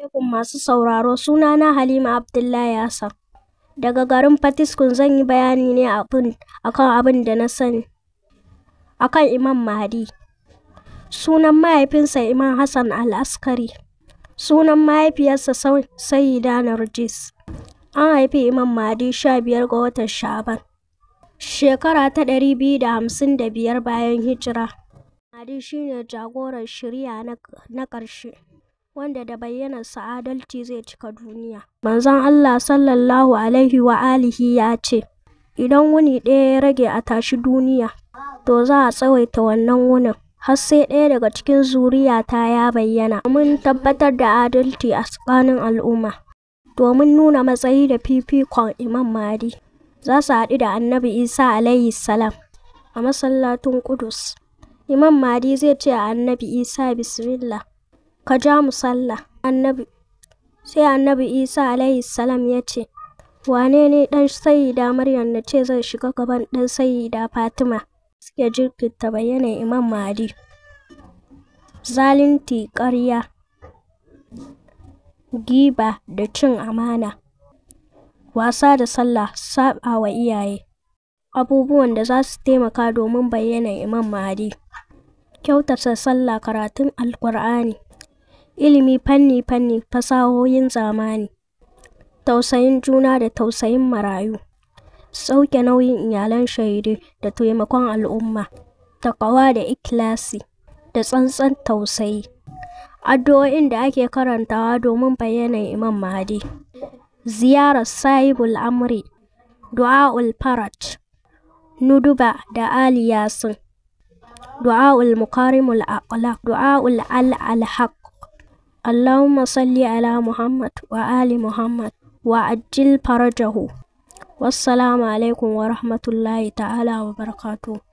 alaikum masu sauraro sunana Halima Abdullahi Hassan. Daga garin Fatiskun zan yi bayani ne akan abin da na sani. Akan Imam Mahdi. Sunan mahaifinsa Imam Hassan Al-Askari. Sunan mahaifiyarsa Sayyida Narjis. An haifi Imam Mahdi sha biyar ga watan Shaban. Shekara ta ɗari biyu da hamsin da biyar bayan hijira. Mahdi shine jagoran shirya na ƙarshe. wanda da bayyanarsa adalci zai cika duniya. Manzon Allah sallallahu Alaihi wa alihi ya ce, Idan wuni ɗaya ya rage a tashi duniya, to za a tsawaita wannan wunin, har sai ɗaya daga cikin zuriya ta ya bayyana, mun tabbatar da adalci a tsakanin al'umma, domin nuna matsayi da fifikon Imam Mahdi. Za su haɗu da Annabi Isa alaihi salam a masallatun Kudus. Imam Mahdi zai ce a Annabi Isa bismillah. ka ja mu sallah. Sai Annabi Isa alaihi salam ya ce, Wane ne ɗan Sayyida Maryam na ce zai shiga gaban ɗan Sayyida Fatima? ya jirkita bayyana Imam Mahdi. Zalunci ƙarya, giba da cin amana, wasa da sallah, saɓa wa iyaye, abubuwan da za su taimaka domin bayyana Imam Mahdi. Kyautata sallah karatun alkur'ani ilimi fanni-fanni, fasahohin zamani, tausayin juna da tausayin marayu, sauke nauyin iyalan shaidu da taimakon al'umma, ƙawa da ikilasi da tsantsan tausayi. Addu'o'in da ake karantawa domin bayyana Imam Mahdi, ziyarar Sahibul Amri, Du'a'ul farat Nuduba da Ali Yasin, Du'a'ul Mukarimul Aqlaq, Du'a'ul Al-Alhaq. Allahumma salli ala Muhammad wa ali Muhammad wa ajil farajahu. Wassalamu alaikum wa rahmatullahi ta'ala wa barakatuh.